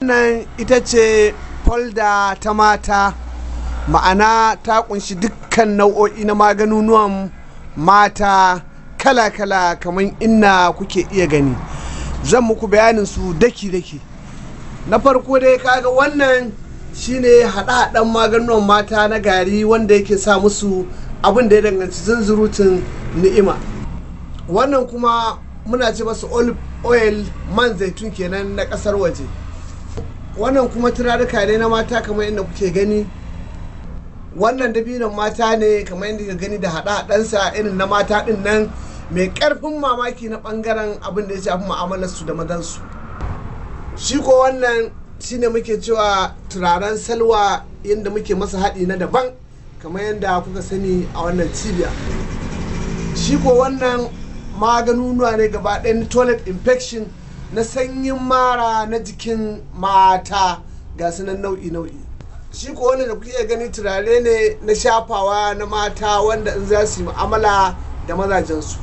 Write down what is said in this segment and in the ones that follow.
wannan ita ce folda ta mata ma'ana ta kunshi dukkan nau'o'i na maganunuwan mata kala-kala kamar inna kuke iya gani zan muku bayanin su daki-daki na farko dai kaga wannan shine haɗa-haɗen maganunuwan mata na gari wanda yake sa musu abin da ya danganci zunzurutun ni'ima wannan kuma muna ce masu olive oil man zaitun kenan na ƙasar waje wannan kuma turaruka ne na mata kamar inda kuke gani wannan dabinon mata ne kamar inda kuke gani da haɗa hadansa irin na mata ɗin nan mai karfin mamaki na bangaren abin da ya shafi su da mazansu shi ko wannan shine muke cewa turaren salwa yadda muke masa haɗi na daban kamar yadda kuka sani a wannan cibiya shi ko wannan maganunuwa ne gaba ɗaya toilet infection na sanyin mara na jikin mata ga su nau'i nau'i shi ko wani da kuke gani turare ne na shafawa na mata wanda in za su yi mu'amala da mazajensu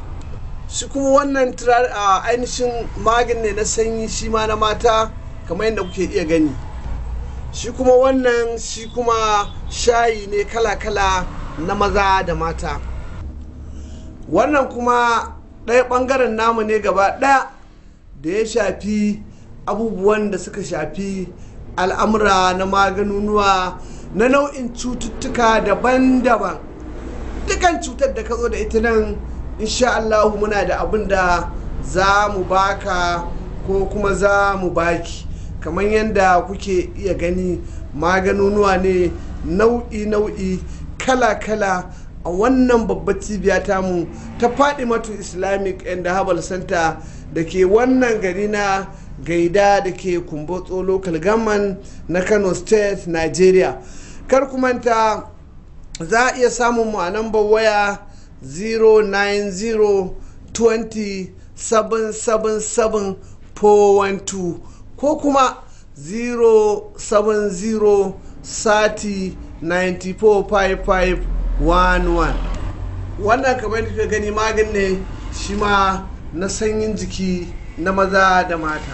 shi kuma wannan ainihin magin ne na sanyi shi ma na mata kamar yadda kuke iya gani shi kuma wannan shi kuma shayi ne kala-kala na maza da mata wannan kuma ɗaya ɓangaren namu ne gaba ɗaya da ya shafi abubuwan da suka shafi al'amura na maganunuwa na nau'in cututtuka daban-daban dukan cutar da ka zo da ita nan insha Allah muna da abin da za mu baka ko kuma za mu baki kamar yadda kuke iya gani maganunuwa ne nau'i-nau'i kala-kala a wannan babbar cibiya mu ta matu islamic and herbal center da ke wannan gari na gaida da ke kumbotso local government na kano state nigeria kar kumanta za a iya samun mu a nambar waya 090 ko kuma 070 1-1 wannan kamar da gani magani ne shi ma na sanyin jiki na maza da mata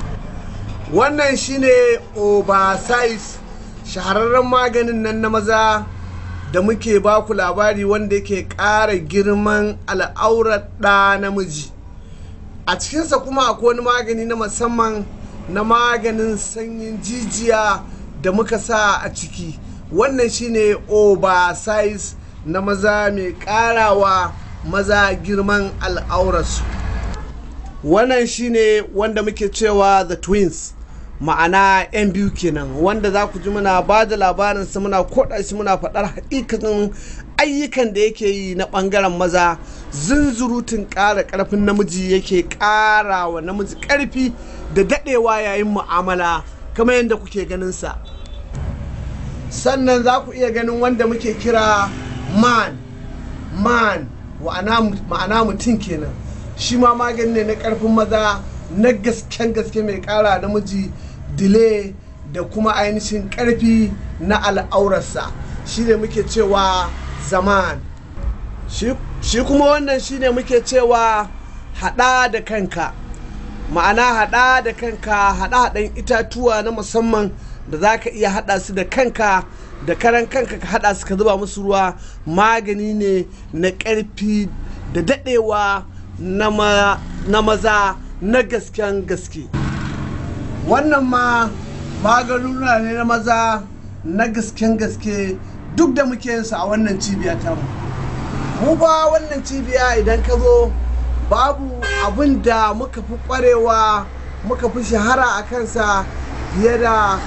wannan shi ne oversize shahararren maganin nan na maza da muke baku labari wanda yake ƙara girman al'aurar ɗa namiji a cikinsa kuma akwai wani magani na musamman na maganin sanyin jijiya da muka sa a ciki wannan shi ne oversize na maza mai ƙarawa maza girman al'aurarsu wannan shine wanda muke cewa the twins ma'ana 'yan biyu kenan wanda za ku ji muna ba da labarin su muna koda shi muna faɗar hakikatin ayyukan da yake yi na ɓangaren maza zunzurutun ƙara ƙarfin namiji yake ƙara wa namiji ƙarfi da daɗewa yayin mu'amala kamar yadda kuke ganin sa sannan za ku iya ganin wanda muke kira man man ma'ana mutum kenan shi ma magani ne na karfin maza na gasken gaske mai kara namiji dile da kuma ainihin karfi na al'aurarsa shi ne muke cewa zaman shi kuma wannan shi ne muke cewa hada da kanka ma'ana hada da kanka hada hadan itatuwa na musamman da za ka iya hada su da kanka da karan kanka ka hada su ka zuba musu ruwa magani ne na ƙarfi da dadewa na maza na gasken gaske wannan ma maganuna ne na maza na gasken gaske duk da muke yinsu a wannan cibiya ta mu ba wannan cibiya idan ka zo babu abin da muka fi kwarewa muka fi shahara a kansa fiye da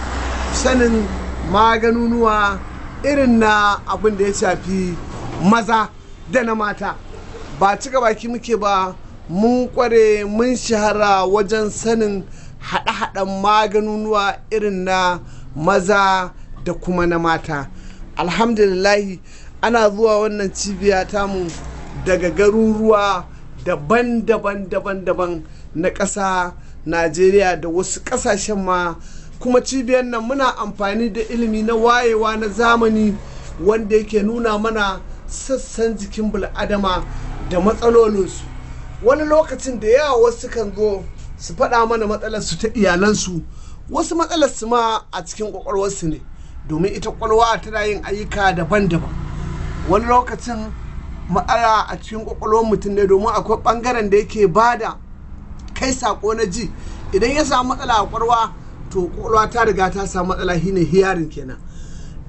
sanin maganunuwa irin na abin da ya shafi maza da na mata ba cika baki muke ba mun kware mun shahara wajen sanin haɗe-haɗen maganunuwa irin na maza da kuma na mata alhamdulillahi ana zuwa wannan cibiya tamu daga garuruwa daban-daban daban-daban na ƙasa najeriya da wasu ƙasashen ma kuma cibiyar nan muna amfani da ilimi na wayewa na zamani wanda yake nuna mana sassan jikin bil'adama da matsalolinsu wani lokacin da yawa wasu kan zo su faɗa mana matsalarsu ta iyalansu wasu matsalarsu ma a cikin ƙwaƙwalwarsu ne domin ita ƙwaƙwalwa tana yin ayyuka daban-daban wani lokacin matsala a cikin ƙwaƙwalwar mutum ne domin akwai ɓangaren da yake bada kai saƙo na ji idan ya samu matsala a ƙwaƙwalwa to kwakwalwa ta riga ta samu matsala shine hiyarin kenan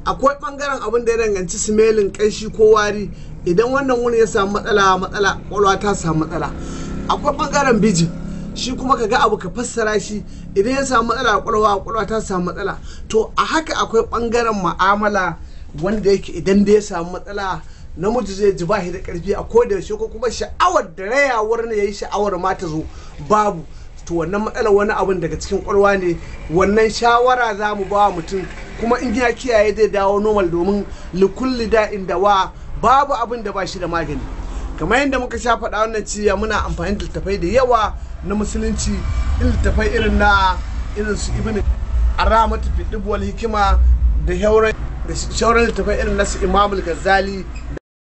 akwai bangaren abin da ya danganci smelling kanshi ko wari idan wannan wani ya samu matsala matsala kwakwalwa ta samu matsala akwai bangaren bijin shi kuma ka ga abu ka fassara shi idan ya samu matsala kwakwalwa kwakwalwa ta samu matsala to a haka akwai bangaren muamala wanda yake idan da ya samu matsala namiji zai ji ba shi da karfi a ko da yaushe ko kuma sha'awar da rayawar ne yayi sha'awar ma ta zo babu to wannan matsalar wani abin daga cikin kwalwa ne wannan shawara za mu ba mutum kuma in ya kiyaye zai dawo normal domin likulli da'in da wa babu abin da ba shi da magani kamar yadda muka sha faɗa wannan ciya muna amfani da littafai da yawa na musulunci in littafai irin na irin su ibn aramatu fi hikima da shauran littafai irin na su imamul ghazali